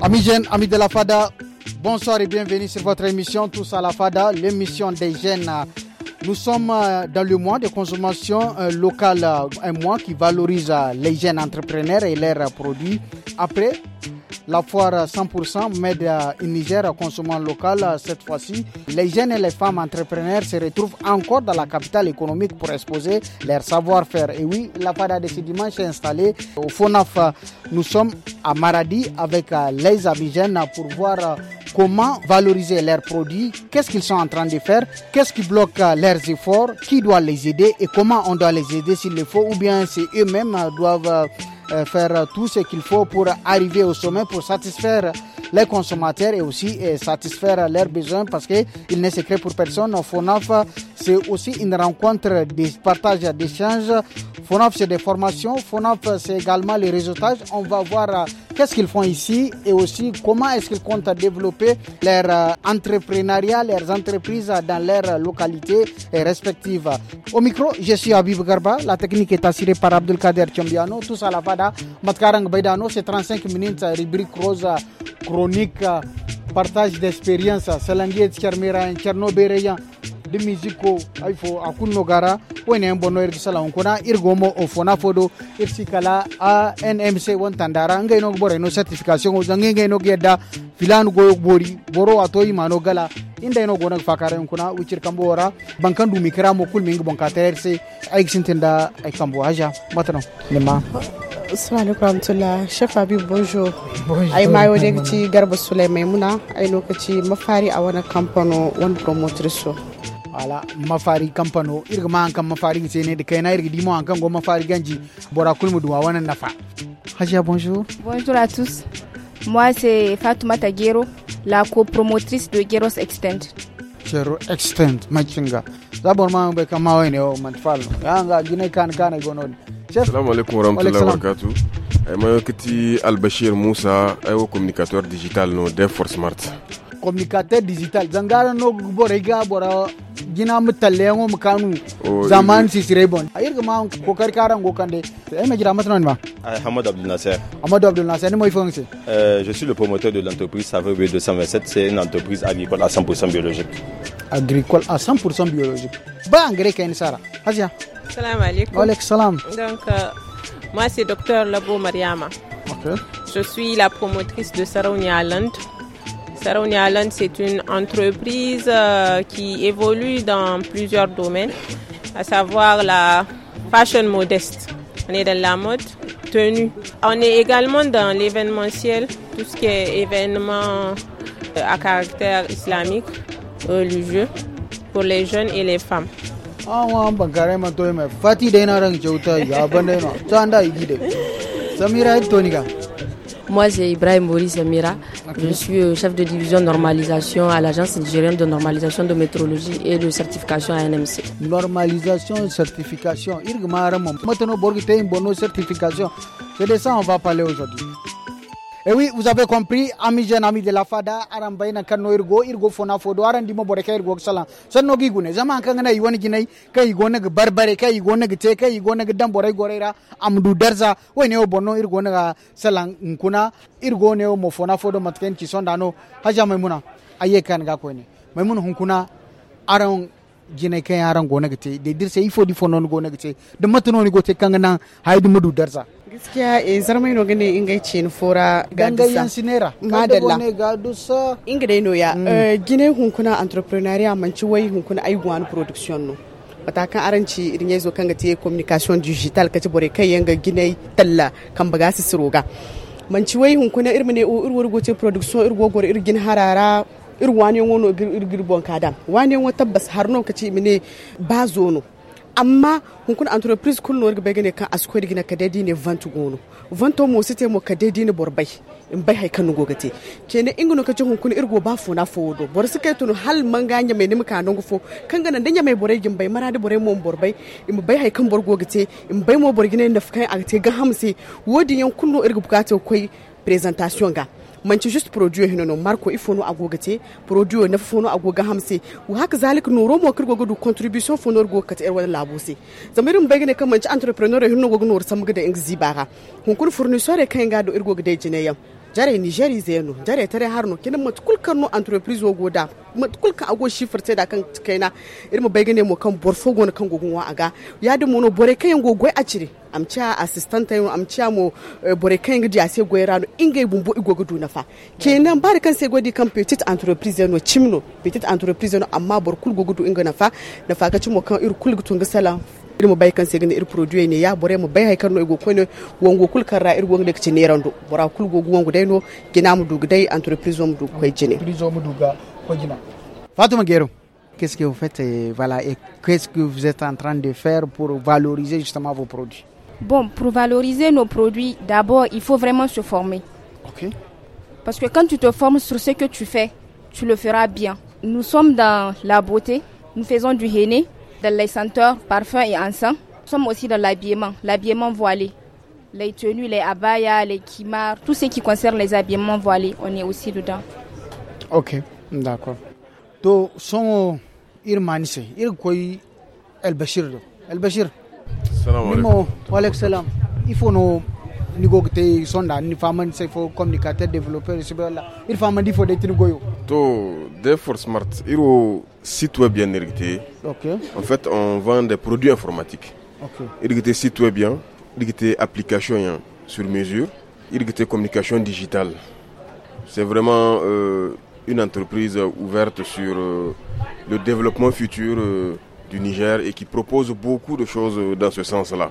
Amis jeunes, amis de la FADA, bonsoir et bienvenue sur votre émission Tous à la FADA, l'émission des jeunes nous sommes euh, dans le mois de consommation euh, locale, euh, un mois qui valorise les jeunes entrepreneurs et leurs produits. Après la foire 100% m'aide à Niger à consommant local cette fois-ci. Les jeunes et les femmes entrepreneurs se retrouvent encore dans la capitale économique pour exposer leur savoir-faire. Et oui, la FADA de ce dimanche est installée au FONAF. Nous sommes à Maradi avec euh, les Abidjan pour voir euh, comment valoriser leurs produits, qu'est-ce qu'ils sont en train de faire, qu'est-ce qui bloque euh, leurs efforts, qui doit les aider et comment on doit les aider s'il le faut ou bien c'est eux-mêmes doivent euh, faire tout ce qu'il faut pour arriver au sommet, pour satisfaire les consommateurs et aussi euh, satisfaire leurs besoins parce qu'il n'est secret pour personne. FONAF c'est aussi une rencontre partages, partage échanges. FONAF, c'est des formations. FONAF, c'est également les réseautages. On va voir euh, qu'est-ce qu'ils font ici et aussi comment est-ce qu'ils comptent développer leur euh, entrepreneuriat, leurs entreprises dans leurs localité respectives. Au micro, je suis Habib Garba. La technique est assurée par Abdelkader Tchambiano. Tous à la fada. Matkarang Baidano, c'est 35 minutes, euh, rubrique rose, chronique, partage d'expérience. Selangier Tchermira, Tchernobyl, di musique ko ay fo a kunno gara woni en bonno irgi sala on kona irgomo o fona fodo irsi kala a nmc won tandara ngayno bore no certification o zangi ngayno gedda filanu go bori boro ato imano gala inda ino gonak fakaren kuna wicir kambo wara bankan dumi kira mo kul mingi bonka terse ay sintinda ay kambo haja matano lima assalamu alaikum rahmatullah chef habib bonjour ai mayo da ci garba sulai maimuna ai lokaci mafari a wani kamfano wani promotrice Voilà, mafari kampano irga ma mafari sai ne da kai na irga go ganji bora kulmu duwa wannan nafa Hajia bonjour bonjour à tous moi c'est Fatoumata Gero la copromotrice de Geros Extend Gero's Extend machinga finger. ma be kama wai ne o Je yanga gine kan kan gono Assalamu alaikum ay mayo Moussa communicateur digital no de Force Smart communicateur digital zangara no gbo rega bora gina mu talle zaman si sirebon. bon ayir ga eh, ma ko kar karan go kande ay ma jira matran ba Ahmad Abdel Nasser Ahmad Abdel Nasser fonse euh je suis le promoteur de l'entreprise Saveur 227 c'est une entreprise agricole à 100% biologique agricole à 100% biologique ba engrais kain sara Asia Salam alaikum. Wa alaikum salam. Donc euh, moi c'est docteur Labo Mariama. Okay. Je suis la promotrice de Sarouni Land. Sarauni c'est une entreprise euh, qui évolue dans plusieurs domaines, à savoir la fashion modeste. On est dans la mode, tenue. On est également dans l'événementiel, tout ce qui est événement euh, à caractère islamique, religieux, pour les jeunes et les femmes. Ah, moi, c'est Ibrahim Boris Amira. Je suis euh, chef de division normalisation à l'Agence nigérienne de normalisation de métrologie et de certification à NMC. Normalisation, certification. Maintenant, une bonne certification. C'est de ça qu'on va parler aujourd'hui. Et eh oui, vous avez compris, ami jeune ami de la fada, aran bayna kanno irgo irgo fona fodo aran dimo boreka irgo salan. San no gigune, zama kan ngana yiwon ginai, kai igo ne ga barbare, kai igo ne ga te, ka igo ne ga dan borai goreira, amdu darza, wai ne bonno irgo ne ga salan nkuna, irgo ne mo fona fodo matken ki son dano, haja maimuna, aye ga ko ne. Maimuna hunkuna aran jine kan yaran gona gite da dir sai ifo difo non gona gite da mata non gote kan nan haidu mudu darza gaskiya e zarmai no gane in ni fora ga dusa gangayen sinera madalla ne ga dusa inga dai no ya mm. eh, gine hunkuna entrepreneuria manci wai hunkuna ai gwan production no matakan aranci irin yazo kan gate communication digital kace bore kai yanga gine talla kan baga su siroga manci wai hunkuna irmine o irwar gote production irgogor irgin harara ir wane wono girgir bon kadam wani wo tabbas har no kaci mine ba zono amma hunkun entreprise kul no be gane kan asko digina ka dadi ne vantu gono vanto mo site mo ka dadi ne borbai in bai haikan nugo gate kene ingino kaci hunkun irgo ba fona fodo bor sukai tunu hal manganya mai ka nan gufo kan ganan danya mai borai gin bai maradi borai mo borbai in bai haikan borgo gate in bai mo borgine da fukai a te ga hamse wodi yan kunno irgo bukata koi presentation ga manci just produit hino no marko ifono agogate produit na fono agoga hamse wa haka zalik noro mo gogo du contribution fono go kat er wala labose zamirin bagane kan manci entrepreneur hino go nor samga e er de ingzi bara hunkul fournisseur kan ga do irgo gade jinayam jare nigeri zeno jare tare harno kinan mat no entreprise wo goda mat kulkan ago shifar sai da kan kaina irin mu bayyana mu kan borfo gona kan gogun wa aga ya da mono bore kayan gogoi a cire amciya assistant tayo amciya mo eh, bore kayan gidi a sai goyi rano ingai bumbo igo gudu na fa kenan ba da kan sai godi kan petit entreprise no chimno petit entreprise no amma bor kul gogudu inga na fa na fa ka cimo kan irkul kul gutun gasala entreprise qu'est-ce que vous faites euh, et voilà qu'est-ce que vous êtes en train de faire pour valoriser justement vos produits Bon, pour valoriser nos produits, d'abord, il faut vraiment se former. OK. Parce que quand tu te formes sur ce que tu fais, tu le feras bien. Nous sommes dans la beauté, nous faisons du henné, dans les senteurs, parfums et encens. Nous sommes aussi dans l'habillement, l'habillement voilé. Les tenues, les abayas, les kimars, tout ce qui concerne les habillements voilés, on est aussi dedans. Ok, d'accord. donc Il El Bashir El Bashir. Il faut nous nous te sonda ni faman se fo communicateur développeur la il faut di fo de to smart site web bien en fait on vend des produits informatiques OK un site web bien hein. irrité application hein, sur mesure des communication digitale c'est vraiment euh, une entreprise ouverte sur euh, le développement futur euh, du Niger et qui propose beaucoup de choses dans ce sens-là.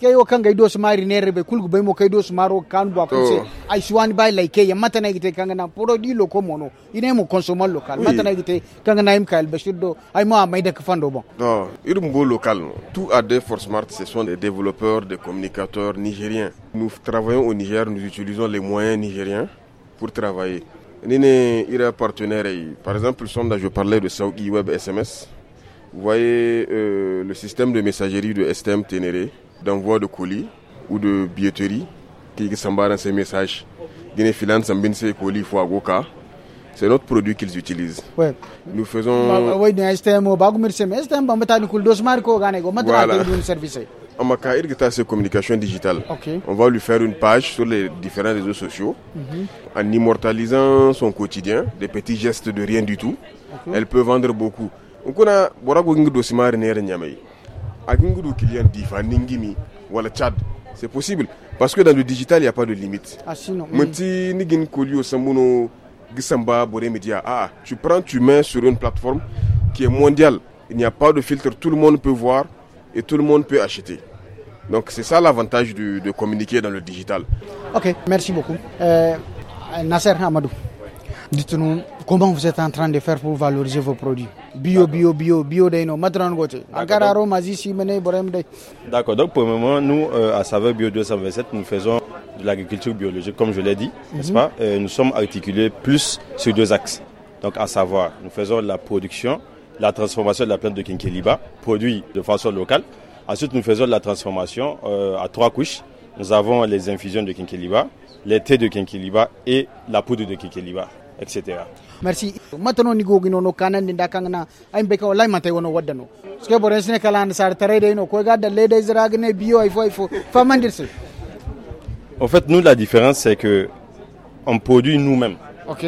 paske yo kan gaido su mari ne rebe kulgu bai mo kaido su maro kan ba kun se ai su wani bai like ya mata na gite kan na poro di lo ko mono ine mo consomer local mata na gite kan na im kael bashir do ai mo mai da kafan bon non irum bo local no tout a de force smart ce sont des développeurs des communicateurs nigériens nous travaillons au Niger nous utilisons les moyens nigériens pour travailler Nene, il est partenaire. Eh, par exemple, le sondage, je parlais de Saudi Web SMS. Vous voyez euh, le système de messagerie de STM Ténéré. E d'envoi de colis ou de billetterie qui s'embarrassent ces messages. colis C'est notre produit qu'ils utilisent. Ouais. Nous faisons. Oui, Voilà. Amaka Irgita, c'est communication digitale. Okay. On va lui faire une page sur les différents réseaux sociaux mhm. en immortalisant son quotidien, des petits gestes de rien du tout. Elle peut vendre beaucoup. On Donc, on a Ningimi, Wala Tchad. C'est possible. Parce que dans le digital, il n'y a pas de limite. Ah, ah, tu prends, tu mets sur une plateforme qui est mondiale. Il n'y a pas de filtre. Tout le monde peut voir et tout le monde peut acheter. Donc c'est ça l'avantage de, communiquer dans le digital. Ok, merci beaucoup. Euh, Nasser Hamadou, dites-nous comment vous êtes en train de faire pour valoriser vos produits bio bio bio bio d'accord donc pour le moment nous euh, à saveur bio 227 nous faisons de l'agriculture biologique comme je l'ai dit n'est-ce mhm. pas euh, nous sommes articulés plus sur deux axes donc à savoir nous faisons la production la transformation de la plante de Kinkeliba produit de façon locale ensuite nous faisons la transformation euh, à trois couches nous avons les infusions de Kinkeliba les thés de Kinkeliba et la poudre de Kinkeliba etc merci en fait nous la différence c'est que on produit nous-mêmes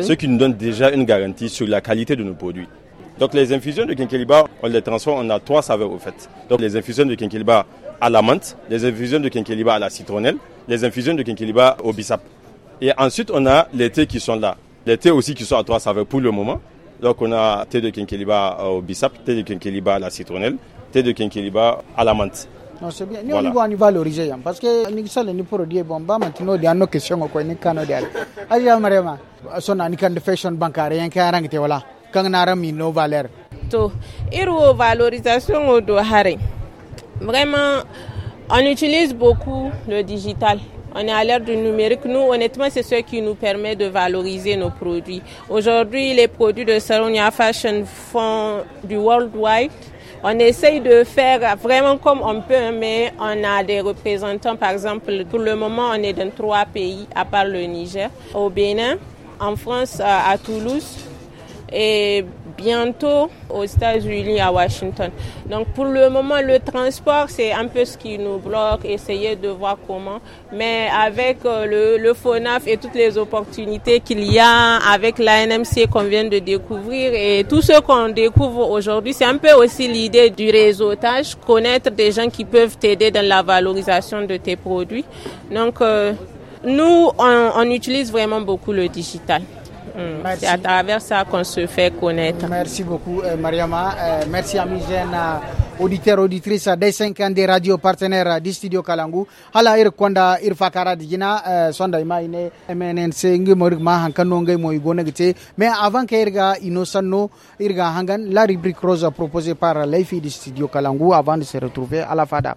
ce qui nous donne déjà une garantie sur la qualité de nos produits donc les infusions de quinquilibar, on les transforme, on a trois saveurs au fait. Donc les infusions de quinquilibar à la menthe, les infusions de quinquilibar à la citronnelle, les infusions de quinquilibar au bissap. Et ensuite, on a les thés qui sont là. Les thés aussi qui sont à trois saveurs pour le moment. Donc on a thé de Kinkeliba euh, au bissap, thé de Kinkeliba à la citronnelle, thé de Kinkeliba à la menthe. Non, c'est bien. Nous, on y va valoriser. Parce que nous, ça, ni pour dire, bon, bah, maintenant, il y a nos questions, quoi, ni cano d'aller. Allez, vraiment. Son anikan de fashion bancaire, y a rangé, voilà. Quand on a remis nos valeurs. To, valorisation au do Vraiment, on utilise beaucoup le digital. On est à l'ère du numérique. Nous, honnêtement, c'est ce qui nous permet de valoriser nos produits. Aujourd'hui, les produits de Saronia Fashion font du worldwide. On essaye de faire vraiment comme on peut, mais on a des représentants, par exemple, pour le moment, on est dans trois pays, à part le Niger, au Bénin, en France, à Toulouse et bientôt aux États-Unis, à Washington. Donc pour le moment, le transport, c'est un peu ce qui nous bloque, essayer de voir comment. Mais avec euh, le, FONAF et toutes les opportunités qu'il y a, avec l'ANMC qu'on vient de découvrir et tout ce qu'on découvre aujourd'hui, c'est un peu aussi l'idée du réseautage, connaître des gens qui peuvent t'aider dans la valorisation de tes produits. Donc euh, nous, on utilise vraiment beaucoup le digital. Mm. C'est à travers ça qu'on se fait connaître. Merci beaucoup, euh, Mariama. Euh, merci, à jeunes euh, auditeurs, auditrices des ans des radios partenaires du studio Kalangu. Hala avant qu'il djina, ait digina euh, sonda ima ine MNNC ngi Mais avant que irga innocent la rubrique rose proposée par les filles du studio Kalangu avant de se retrouver à la fada.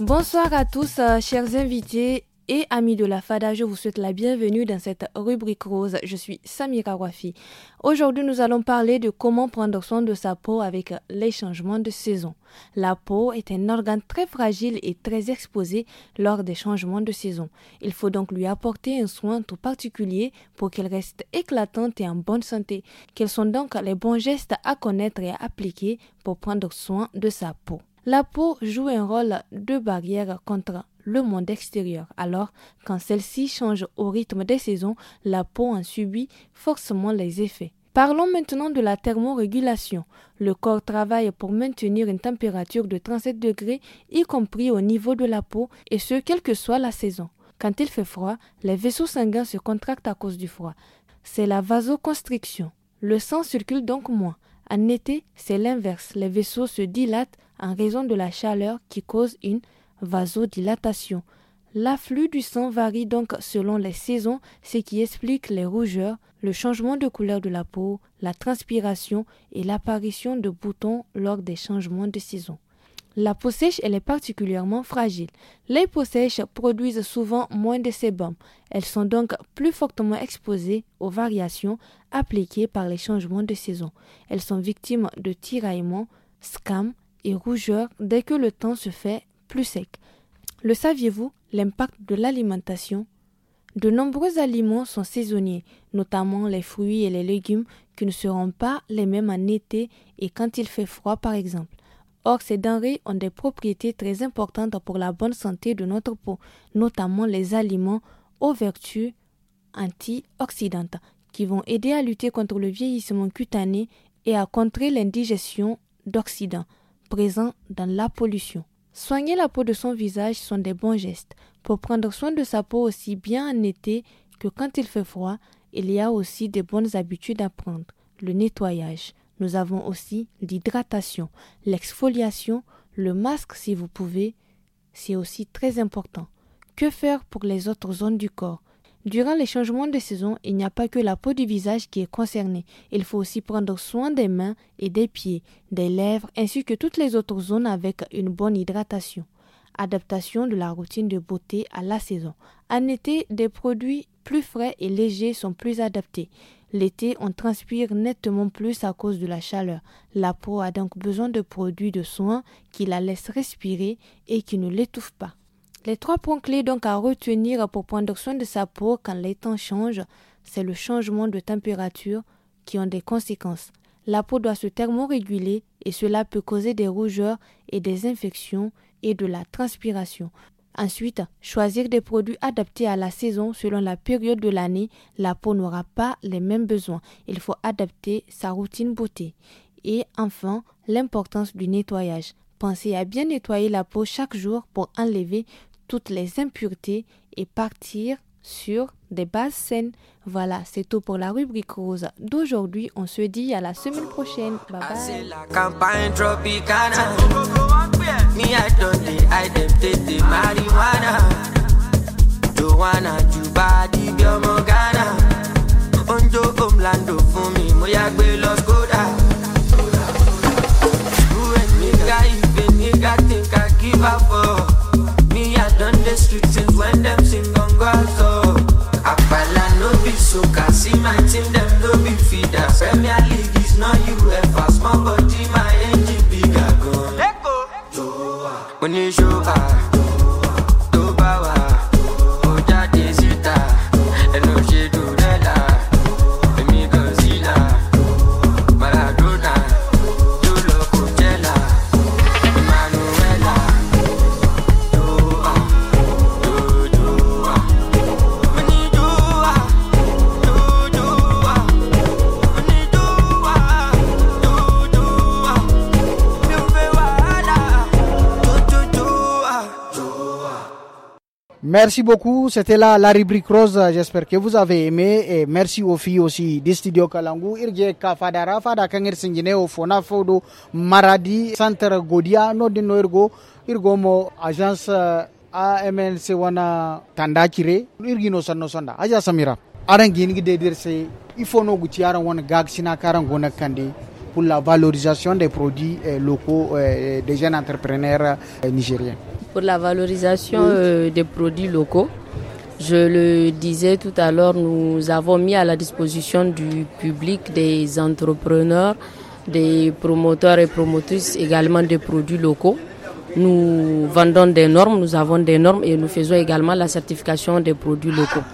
Bonsoir à tous, euh, chers invités et amis de la FADA, je vous souhaite la bienvenue dans cette rubrique rose. Je suis Samira Wafi. Aujourd'hui, nous allons parler de comment prendre soin de sa peau avec les changements de saison. La peau est un organe très fragile et très exposé lors des changements de saison. Il faut donc lui apporter un soin tout particulier pour qu'elle reste éclatante et en bonne santé. Quels sont donc les bons gestes à connaître et à appliquer pour prendre soin de sa peau? La peau joue un rôle de barrière contre le monde extérieur. Alors, quand celle-ci change au rythme des saisons, la peau en subit forcément les effets. Parlons maintenant de la thermorégulation. Le corps travaille pour maintenir une température de 37 degrés, y compris au niveau de la peau, et ce, quelle que soit la saison. Quand il fait froid, les vaisseaux sanguins se contractent à cause du froid. C'est la vasoconstriction. Le sang circule donc moins. En été, c'est l'inverse. Les vaisseaux se dilatent en raison de la chaleur qui cause une vasodilatation. L'afflux du sang varie donc selon les saisons, ce qui explique les rougeurs, le changement de couleur de la peau, la transpiration et l'apparition de boutons lors des changements de saison. La peau sèche, est particulièrement fragile. Les peaux sèches produisent souvent moins de sébum. Elles sont donc plus fortement exposées aux variations appliquées par les changements de saison. Elles sont victimes de tiraillements, scams, et dès que le temps se fait plus sec. Le saviez-vous, l'impact de l'alimentation De nombreux aliments sont saisonniers, notamment les fruits et les légumes qui ne seront pas les mêmes en été et quand il fait froid par exemple. Or, ces denrées ont des propriétés très importantes pour la bonne santé de notre peau, notamment les aliments aux vertus antioxydantes qui vont aider à lutter contre le vieillissement cutané et à contrer l'indigestion d'oxydants. Présent dans la pollution. Soigner la peau de son visage sont des bons gestes. Pour prendre soin de sa peau aussi bien en été que quand il fait froid, il y a aussi des bonnes habitudes à prendre. Le nettoyage. Nous avons aussi l'hydratation, l'exfoliation, le masque si vous pouvez. C'est aussi très important. Que faire pour les autres zones du corps Durant les changements de saison, il n'y a pas que la peau du visage qui est concernée. Il faut aussi prendre soin des mains et des pieds, des lèvres ainsi que toutes les autres zones avec une bonne hydratation. Adaptation de la routine de beauté à la saison. En été, des produits plus frais et légers sont plus adaptés. L'été, on transpire nettement plus à cause de la chaleur. La peau a donc besoin de produits de soins qui la laissent respirer et qui ne l'étouffent pas. Les trois points clés donc à retenir pour prendre soin de sa peau quand les temps changent, c'est le changement de température qui ont des conséquences. La peau doit se thermoréguler et cela peut causer des rougeurs et des infections et de la transpiration. Ensuite, choisir des produits adaptés à la saison selon la période de l'année, la peau n'aura pas les mêmes besoins. Il faut adapter sa routine beauté. Et enfin, l'importance du nettoyage. Pensez à bien nettoyer la peau chaque jour pour enlever toutes les impuretés et partir sur des bases saines. Voilà, c'est tout pour la rubrique rose d'aujourd'hui. On se dit à la semaine prochaine. Bye bye. my team, them no big feeders. Premier League is not UEFA. Small body, man. Merci beaucoup. C'était là la rubrique rose. J'espère que vous avez aimé. Et merci aux filles aussi du studio Kalangu. Irje Kafadara, Fada Kanger Singine, Fona Fodo, Maradi, Centre Godia, Nodino Irgo, Irgomo, Agence eh, AMNC Wana Tandakire, Irgino Sano Sanda, Aja Samira. Aran gini de dirse, ifono gutiaran wana gag sina karan gona kandi. pour la valorisation des produits euh, locaux euh, des jeunes entrepreneurs euh, nigériens. Pour la valorisation des produits locaux, je le disais tout à l'heure, nous avons mis à la disposition du public des entrepreneurs, des promoteurs et promotrices également des produits locaux. Nous vendons des normes, nous avons des normes et nous faisons également la certification des produits locaux.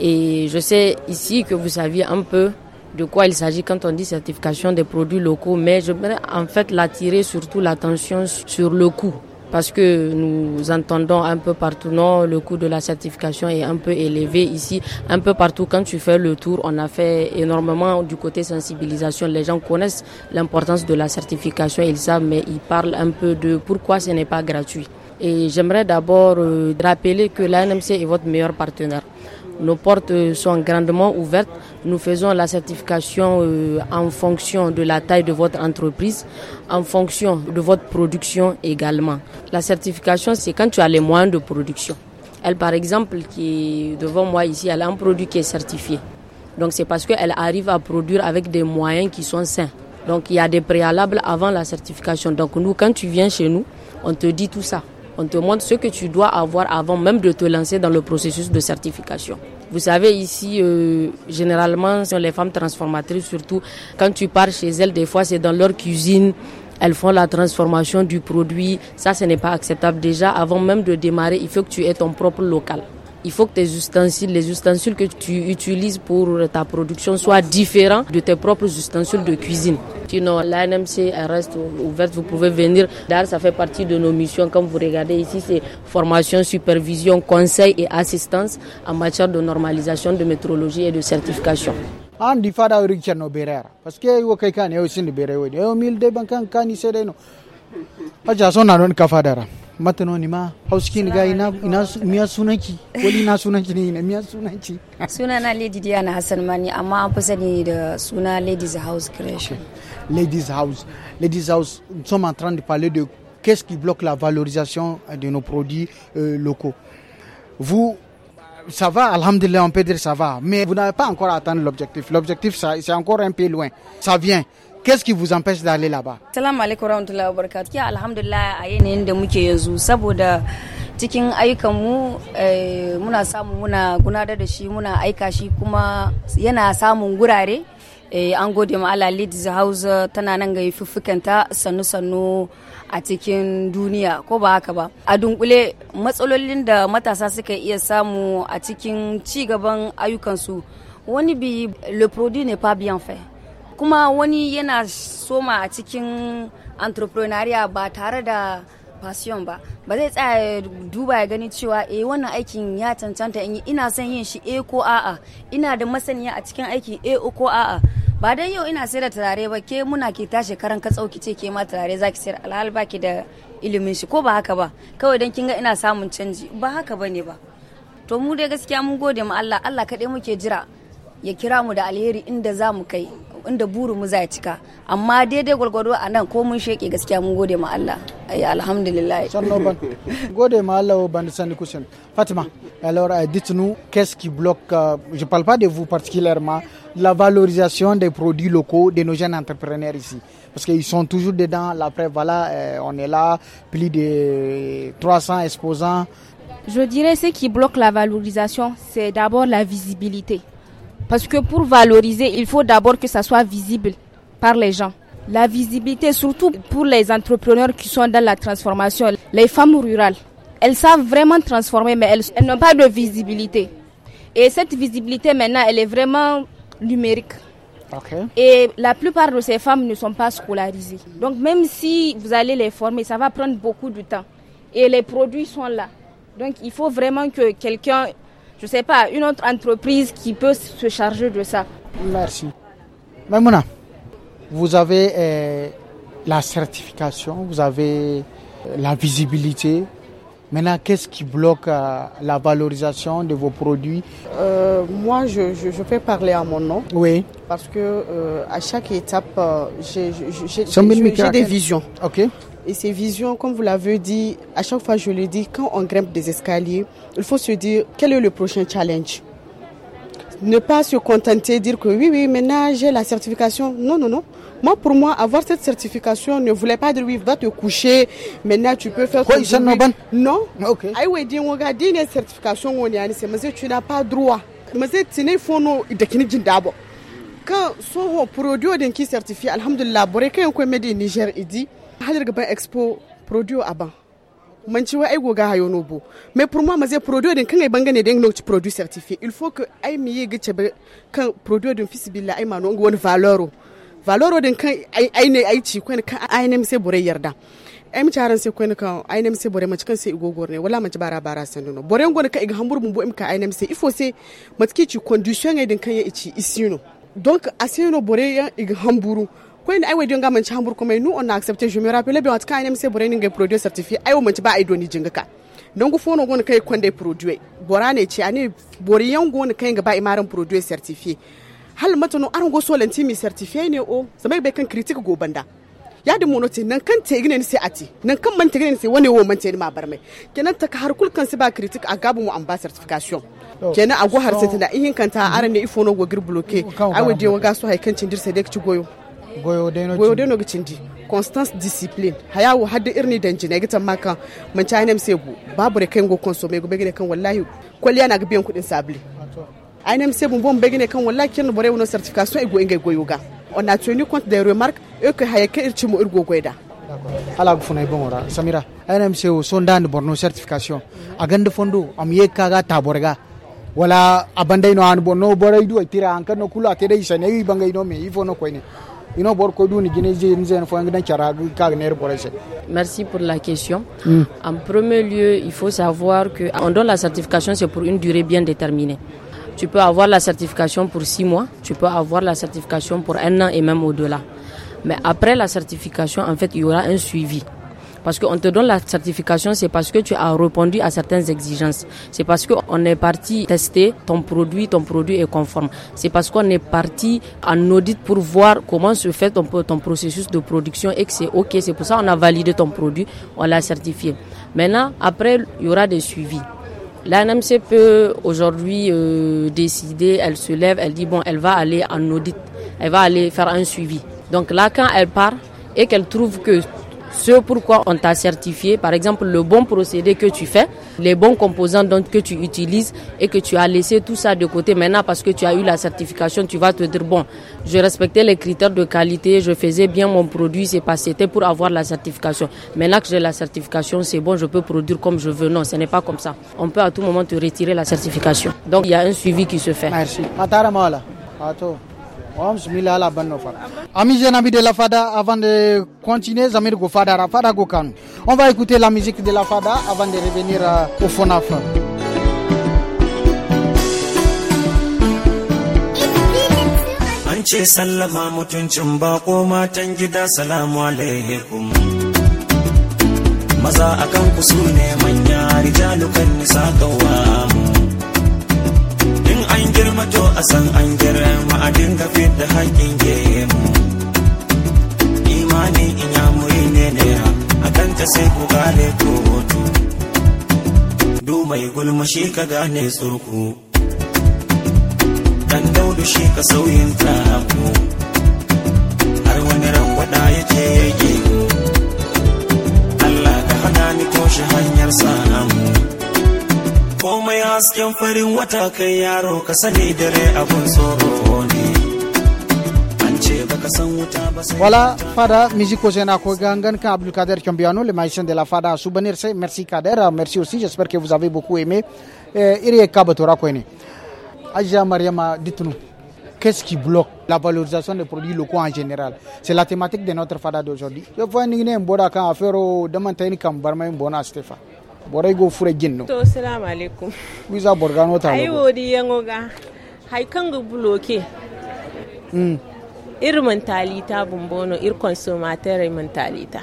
Et je sais ici que vous saviez un peu de quoi il s'agit quand on dit certification des produits locaux, mais je voudrais en fait l'attirer surtout l'attention sur le coût. Parce que nous entendons un peu partout, non, le coût de la certification est un peu élevé ici, un peu partout. Quand tu fais le tour, on a fait énormément du côté sensibilisation. Les gens connaissent l'importance de la certification, ils savent, mais ils parlent un peu de pourquoi ce n'est pas gratuit. Et j'aimerais d'abord euh, rappeler que l'ANMC est votre meilleur partenaire. Nos portes sont grandement ouvertes. Nous faisons la certification euh, en fonction de la taille de votre entreprise, en fonction de votre production également. La certification, c'est quand tu as les moyens de production. Elle, par exemple, qui est devant moi ici, elle a un produit qui est certifié. Donc c'est parce qu'elle arrive à produire avec des moyens qui sont sains. Donc il y a des préalables avant la certification. Donc nous, quand tu viens chez nous, on te dit tout ça. On te montre ce que tu dois avoir avant même de te lancer dans le processus de certification. Vous savez, ici, euh, généralement, sont les femmes transformatrices, surtout quand tu pars chez elles, des fois, c'est dans leur cuisine. Elles font la transformation du produit. Ça, ce n'est pas acceptable. Déjà, avant même de démarrer, il faut que tu aies ton propre local. Il faut que tes ustensiles, les ustensiles que tu utilises pour ta production soient différents de tes propres ustensiles de cuisine. Sinon, l'ANMC reste ouverte, vous pouvez venir. D'ailleurs, ça fait partie de nos missions. Comme vous regardez ici, c'est formation, supervision, conseil et assistance en matière de normalisation, de métrologie et de certification. Ah, parce matano ni ma hauski ga ina ina miya sunanki wani na sunanki ne ina miya sunanki suna na lady diana hassan mani amma an fi sani da suna ladies house creation ladies house ladies house nous sommes en train de parler de qu'est-ce qui bloque la valorisation de nos produits euh, locaux vous ça va, alhamdulillah, on peut dire ça va. Mais vous n'avez pas encore atteint l'objectif. L'objectif, c'est encore un peu loin. Ça vient. Qu'est-ce qui vous empêche d'aller là-bas cikin eh, muna muna kuma yana samun gurare eh, an gode ma House tana a cikin duniya ko ba haka ba a dunkule matsalolin da matasa le produit n'est pas bien fait kuma wani yana soma a cikin entrepreneuria ba tare da passion ba ba zai tsaya duba ya gani cewa e, wannan aikin ya cancanta in yi. ina son yin shi eh ko a'a ina da masaniya a cikin aikin eh ko a'a ba dan yau ina sayar da turare ba ke muna ke tashi karan ka tsauki ce ke ma turare zaki sayar alhal baki da ilimin shi ko ba haka ba kawai dan kin ga ina samun canji ba haka bane ba to mu dai gaskiya mun gode ma Allah Allah kaɗai muke jira ya kira mu da alheri inda za mu kai inda buru cika amma a ko sheke gaskiya mun gode ma Allah alhamdulillah gode ma Allah oh, Fatima alors eh, dites-nous qu'est-ce qui bloque euh, je parle pas de vous particulièrement la valorisation des produits locaux de nos jeunes entrepreneurs ici parce qu'ils sont toujours dedans la voilà eh, on est là plus de 300 exposants je dirais ce qui bloque la valorisation c'est d'abord la visibilité parce que pour valoriser, il faut d'abord que ça soit visible par les gens. La visibilité, surtout pour les entrepreneurs qui sont dans la transformation, les femmes rurales, elles savent vraiment transformer, mais elles, n'ont pas de visibilité. Et cette visibilité, maintenant, elle est vraiment numérique. Et la plupart de ces femmes ne sont pas scolarisées. Donc même si vous allez les former, ça va prendre beaucoup de temps. Et les produits sont là. Donc il faut vraiment que quelqu'un je ne sais pas, une autre entreprise qui peut se charger de ça. Merci. Mamouna, vous avez euh, la certification, vous avez euh, la visibilité. Maintenant, qu'est-ce qui bloque euh, la valorisation de vos produits Moi, je, je, parler à mon nom. Oui. Parce que à chaque étape, j'ai des visions. Ok. Et ces visions, comme vous l'avez dit, à chaque fois je le dis, quand on grimpe des escaliers, il faut se dire quel est le prochain challenge. Ne pas se contenter de dire que oui, oui, maintenant j'ai la certification. Non, non, non. Moi, pour moi, avoir cette certification ne voulait pas dire oui, va te coucher, maintenant tu peux faire quoi tu Non. Ok. Aïe, oui, dis, on regarde, une certification, on est mais tu n'as pas droit. Mais tu n'es pas quand son produit qui certifié, alhamdulillah, boré, on Niger, il dit, halir gaban expo produit aban manci wai ai goga hayo bo mais pour moi maze produit din kan ai bangane din nokci produit certifié il faut que ai mi yi gice kan produit din fisibilla ai mano wani valoro valoro din kan ai ne ai ci kan ai ne sai bore yarda ai mi charan sai kan kan ai ne sai bore mace kan sai igogor ne wala ci bara bara no bore ngon ka iga hamburu mun bo im ka ai ne sai il faut sai matki ci condition ai din kan ya ici isino donc asino bore ya iga hamburu akwai ni aiwa wai dinga man ci hamburg kuma nu on accepte je me rappelle bien en tout cas nem se borani produit certifié aiwa mun ci ba ai doni jingaka ka fono gon kai konde produit bora ne ci ani yan gon kai ga ba imaran produit certifié hal matano aran go solenti mi certifié ne o sama be kan critique go banda ya da mono te nan kan te igine sai ati nan kan man te ne sai wani wo man te ma bar mai kenan ta har kul kan ba critique a gabu mu amba ba certification oh, kenan a go har sai tana ihin kanta mm-hmm. aran ne ifo go gir bloke a wade wa ga su kan cin dirsa da ci goyo goyodeno gicindi constance discipline haya hayawo hadde irni danji na gitan maka man china mse bu babu da kan go consome go begine kan wallahi kwaliya na ga kudin sabli aina mse bu bon begine kan wallahi kin bore wono certification e go inga goyo ga. on a tenu compte des remarques e que haya ke irci mu irgo da. ala gu funay ibon ora samira aina mse son dan borno certification a gande fondo am ye kaga taborga wala abandai no an bonno borai duwa tira an kan no kula te dai yi bangai no me yi fono koine merci pour la question hmm. en premier lieu il faut savoir que on donne la certification c'est pour une durée bien déterminée tu peux avoir la certification pour six mois, tu peux avoir la certification pour un an et même au-delà. Mais après la certification, en fait, il y aura un suivi. Parce qu'on te donne la certification, c'est parce que tu as répondu à certaines exigences. C'est parce qu'on est parti tester ton produit, ton produit est conforme. C'est parce qu'on est parti en audit pour voir comment se fait ton, processus de production et que c'est OK. C'est pour ça qu'on a validé ton produit, on l'a certifié. Maintenant, après, il y aura des suivis. L'ANMC peut aujourd'hui euh, décider, elle se lève, elle dit, bon, elle va aller en audit, elle va aller faire un suivi. Donc là, quand elle part et qu'elle trouve que ce pourquoi on t'a certifié, par exemple, le bon procédé que tu fais, les bons composants donc, que tu utilises et que tu as laissé tout ça de côté maintenant parce que tu as eu la certification, tu vas te dire, bon, je respectais les critères de qualité, je faisais bien mon produit, c'est pas, c'était pour avoir la certification. Maintenant que j'ai la certification, c'est bon, je peux produire comme je veux. Non, ce n'est pas comme ça. On peut à tout moment te retirer la certification. Donc, il y a un suivi qui se fait. Merci. Amis jeunes de la Fada, avant de continuer, Zamir Gofada, Fada Gokan. On va écouter la musique de la Fada avant de revenir euh, au Fonaf. An ce sallama mutuncin bako matan gida salamu alaikum. Maza akan ku su ne manya rijalukan nisa kawamu. an girma to a san an girma a dinga fit da haƙin gemu imani in ya muri ne ne a kan ta sai ku gane kotu du mai gulma shi ka gane tsoku dan daudu shi ka sauyin taku har wani ya yake yake Allah ka hada ni toshe hanyar samu farin wata kai yaro ka ne Voilà, Fada, musique aux Génako Gangan, Kader Kambiano, le maïsien de la Fada, à souvenir, merci Kader, merci aussi, j'espère que vous avez beaucoup aimé. Eh, Irie Kabatora Kouene. Aja Mariama, dites-nous, qu'est-ce qui bloque la valorisation des produits locaux en général C'est la thématique de notre Fada d'aujourd'hui. Je vois un Mbora quand affaire au une Kambarma Mbona Stéphane. borai go fure jinno to assalamu alaikum wiza borgano ta ai wodi yango ga hay kanga bloke mm ir mentalita bumbono ir consommateur mentalita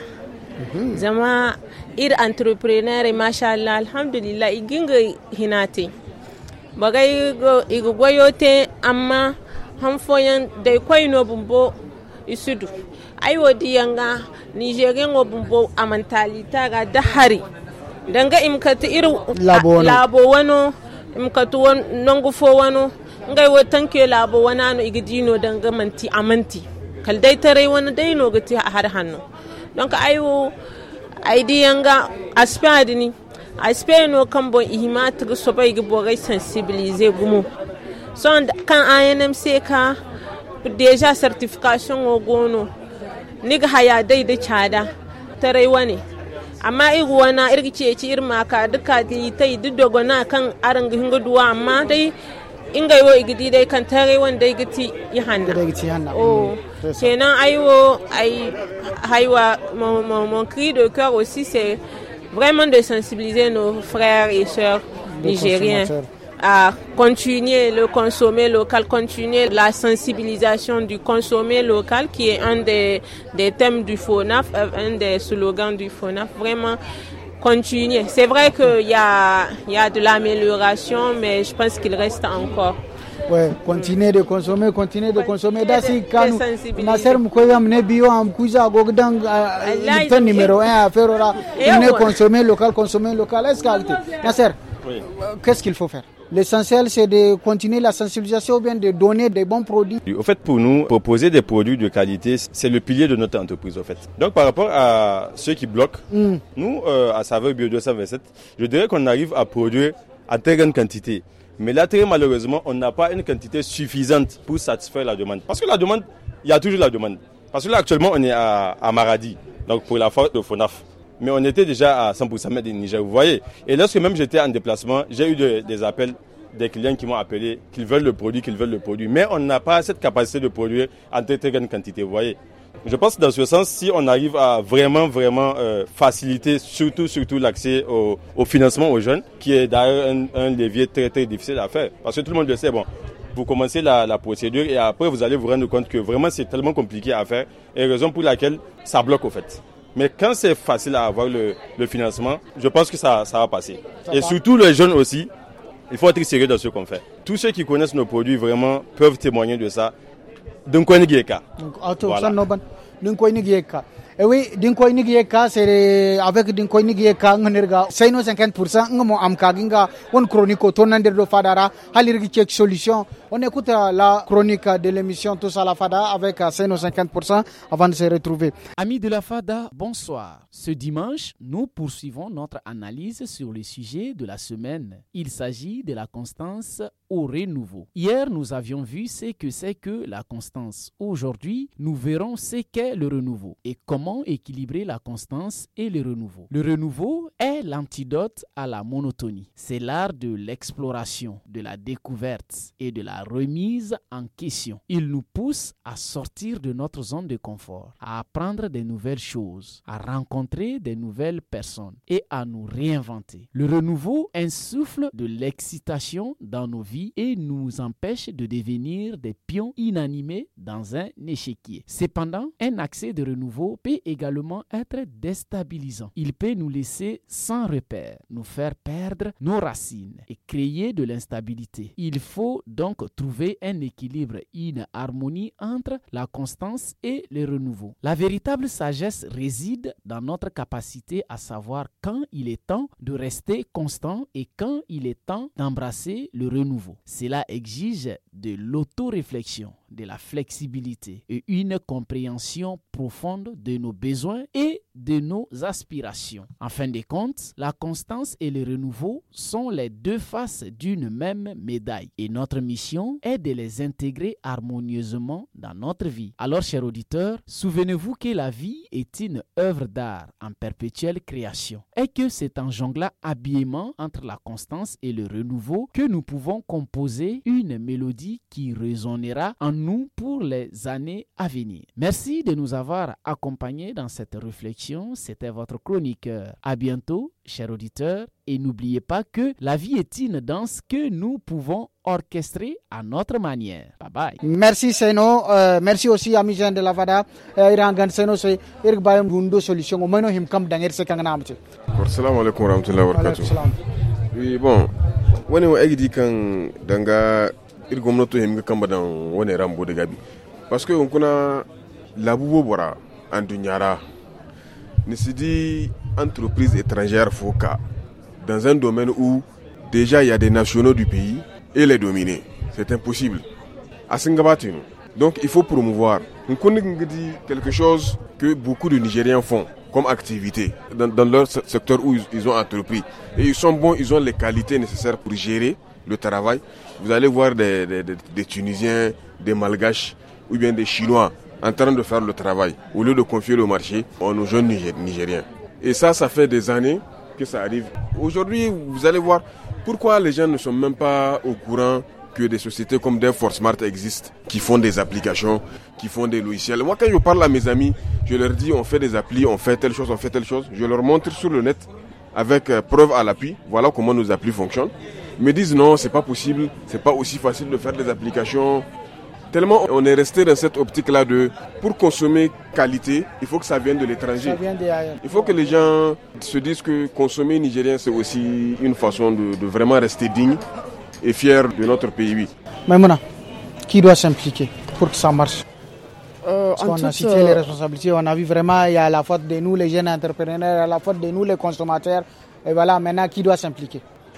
mhm. zama ir entrepreneur masha Allah alhamdulillah iginga hinate bagay igo goyote amma hanfoyan dai koyno bumbo isudu ai wodi yanga nigerian bumbo a mentalita ga dahari danga imkati iru labo wano imkatu nangu fo wano ngai wo tanke labo wana no igidino danga manti amanti kal dai tare wani dai no gati har hannu don ka aiwo aidiyanga aspe aspeno kambo ihima tiga soba igi bogai sensibilize gumo so kan se ka deja certification ogono gono niga haya dai da cada tare wani amma igu wana irgice ci irma ka duka di tai duk na kan arin hinga duwa amma dai inga yiwo igidi dai kan tare wanda igiti yi hanna o oh. mm. kenan aiwo ai haiwa mon cri de coeur aussi c'est vraiment de sensibiliser nos frères et sœurs nigériens à continuer le consommer local, continuer la sensibilisation du consommer local qui est un des, thèmes du FONAF, euh, un des slogans du FONAF. Vraiment, continuer. C'est vrai qu'il y a, y a de l'amélioration, mais je pense qu'il reste encore. Ouais, continuer de consommer, continuer de consommer. bio euh, ah, le numéro à faire eh Consommer local, consommer local. Euh, qu'est-ce qu'il faut faire L'essentiel, c'est de continuer la sensibilisation ou bien de donner des bons produits. Au fait, pour nous, proposer des produits de qualité, c'est le pilier de notre entreprise, au fait. Donc, par rapport à ceux qui bloquent, mm. nous, euh, à Saveur Bio 227, je dirais qu'on arrive à produire à très grande quantité. Mais là, très malheureusement, on n'a pas une quantité suffisante pour satisfaire la demande. Parce que la demande, il y a toujours la demande. Parce que là, actuellement, on est à, à Maradi, donc pour la force de FONAF mais on était déjà à 100% du Niger, vous voyez. Et lorsque même j'étais en déplacement, j'ai eu des appels des clients qui m'ont appelé, qu'ils veulent le produit, qu'ils veulent le produit. Mais on n'a pas cette capacité de produire en très très grande quantité, vous voyez. Je pense que dans ce sens, si on arrive à vraiment, vraiment euh, faciliter surtout, surtout l'accès au, financement aux jeunes, qui est d'ailleurs un, levier très, très difficile à faire. Parce que tout le monde le sait, bon, vous commencez la, la procédure et après vous allez vous rendre compte que vraiment c'est tellement compliqué à faire et raison pour laquelle ça bloque au fait. Mais quand c'est facile à avoir le, financement, je pense que ça, ça va passer. Et surtout les jeunes aussi, il faut être sérieux dans ce qu'on fait. Tous ceux qui connaissent nos produits vraiment peuvent témoigner de ça. Donc, Gieka. Et oui, c'est avec 50% solution on écoute euh, la chronique de l'émission Tous à la Fada avec 50% euh, avant de se retrouver. Amis de la Fada, bonsoir. Ce dimanche, nous poursuivons notre analyse sur le sujet de la semaine. Il s'agit de la constance au renouveau. Hier, nous avions vu ce que c'est que la constance. Aujourd'hui, nous verrons ce qu'est le renouveau et comment équilibrer la constance et le renouveau. Le renouveau est l'antidote à la monotonie. C'est l'art de l'exploration, de la découverte et de la remise en question. Il nous pousse à sortir de notre zone de confort, à apprendre des nouvelles choses, à rencontrer des nouvelles personnes et à nous réinventer. Le renouveau insuffle de l'excitation dans nos vies et nous empêche de devenir des pions inanimés dans un échiquier. Cependant, un accès de renouveau peut également être déstabilisant. Il peut nous laisser sans repère, nous faire perdre nos racines et créer de l'instabilité. Il faut donc trouver un équilibre, une harmonie entre la constance et le renouveau. La véritable sagesse réside dans notre capacité à savoir quand il est temps de rester constant et quand il est temps d'embrasser le renouveau. Cela exige de l'autoréflexion de la flexibilité et une compréhension profonde de nos besoins et de nos aspirations. En fin de compte, la constance et le renouveau sont les deux faces d'une même médaille et notre mission est de les intégrer harmonieusement dans notre vie. Alors, chers auditeurs, souvenez-vous que la vie est une œuvre d'art en perpétuelle création et que c'est en jonglant habillement entre la constance et le renouveau que nous pouvons composer une mélodie qui résonnera en nous pour les années à venir. Merci de nous avoir accompagnés dans cette réflexion. C'était votre chroniqueur. À bientôt, chers auditeurs, et n'oubliez pas que la vie est une danse que nous pouvons orchestrer à notre manière. Bye bye. Merci Seno, euh, merci aussi à Mijan de Lavada, euh, Irangan Seno, c'est Irgbaye Mbundo Solution, au moins him kam danger se kangana amti. Assalamu alaikum warahmatullahi wabarakatuh. Oui, bon, wani wa egidi kan danga parce que himga kambadan la rambo de gabi que on kuna labubo bora en dunyara ni entreprise étrangère foka dans un domaine où déjà il y a des nationaux du pays et les dominer c'est impossible donc il faut promouvoir on connaît quelque chose que beaucoup de Nigériens font comme activité dans, leur secteur où ils, ils ont entrepris et ils sont bons ils ont les qualités nécessaires pour gérer le travail vous allez voir des, Tunisiens, des Malgaches ou bien des Chinois en train de faire le travail. Au lieu de confier le marché aux jeunes Nigériens. Et ça, ça fait des années que ça arrive. Aujourd'hui, vous allez voir pourquoi les gens ne sont même pas au courant que des sociétés comme Dev4 Smart existent, qui font des applications, qui font des logiciels. Moi, quand je parle à mes amis, je leur dis on fait des applis, on fait telle chose, on fait telle chose. Je leur montre sur le net avec euh, preuve à l'appui, voilà comment nos applis fonctionnent me disent non, c'est pas possible, c'est pas aussi facile de faire des applications. Tellement on est resté dans cette optique-là de pour consommer qualité, il faut que ça vienne de l'étranger. Il faut que les gens se disent que consommer nigérien, c'est aussi une façon de, vraiment rester digne et fier de notre pays. Mais maintenant, qui doit s'impliquer pour que ça marche euh, Parce qu'on a cité les euh, responsabilités, on a vu vraiment, il y a la faute de nous les jeunes entrepreneurs, il la faute de nous les consommateurs. Et voilà, maintenant, qui doit s'impliquer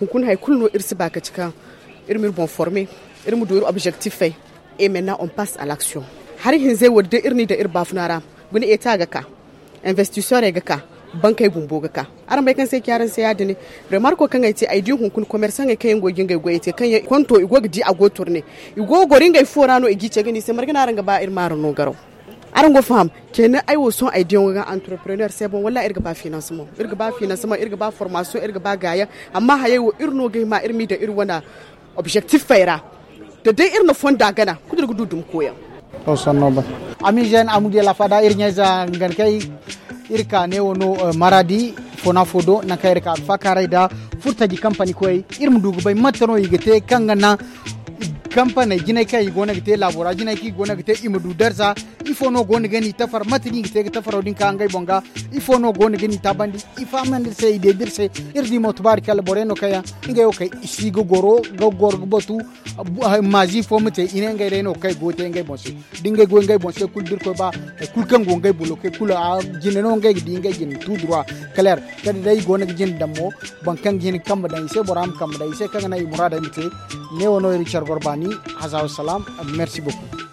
hunkun hay kulno irsi baka cika irmir bon formé irmu do objectif fay et maintenant on passe à l'action har hin zai wadda irni da ir bafunara gune eta ga ka investisseur e ga ka banka yi e gumbo ga ka aran bai kan sai kyaran sai ne remarko kan ai ce ID di hunkun commerçant ga e kayan gogin gai goye te kan kwanto a ne igo gorin forano igi ce gani sai margina ran ga ba ir marano garau aran go fam kenan ai wo son idea ga entrepreneur sai bon walla irga ba financement irga ba financement irga ba formation irga ba gaya amma haye wo irno ga ma irmi da ir wana objectif faira da dai irno fonda gana kudur gudu dum koyan o oh, sonno ba ami jen amudi la fada irnya za ngan kai irka ne wono eh, maradi fona fodo na kai irka fa karai da furtaji company koy irmu dugu bai matano yigete kangana kampana gina kai gona gite labora gina ki gona gite imudu darza ifo no gona gani tafar matini gite gita faro din kan gai bonga ifo no gona gani tabandi ifa man se ide dir se irdi mo tabarika labore no kaya inga yo kai isigo goro go gor botu maji fo mate ine ngai reno kai gote ngai bonse dinga go ngai bonse kul dir ko ba kul kan go ngai bulo ke kul a gina no ngai dinga gin tu droit clair kada dai gona gin damo bankan gin kamba dai se boram kamba dai se kanga nai murada mate ne wono richard gorbani Azaw Salam. Merci beaucoup.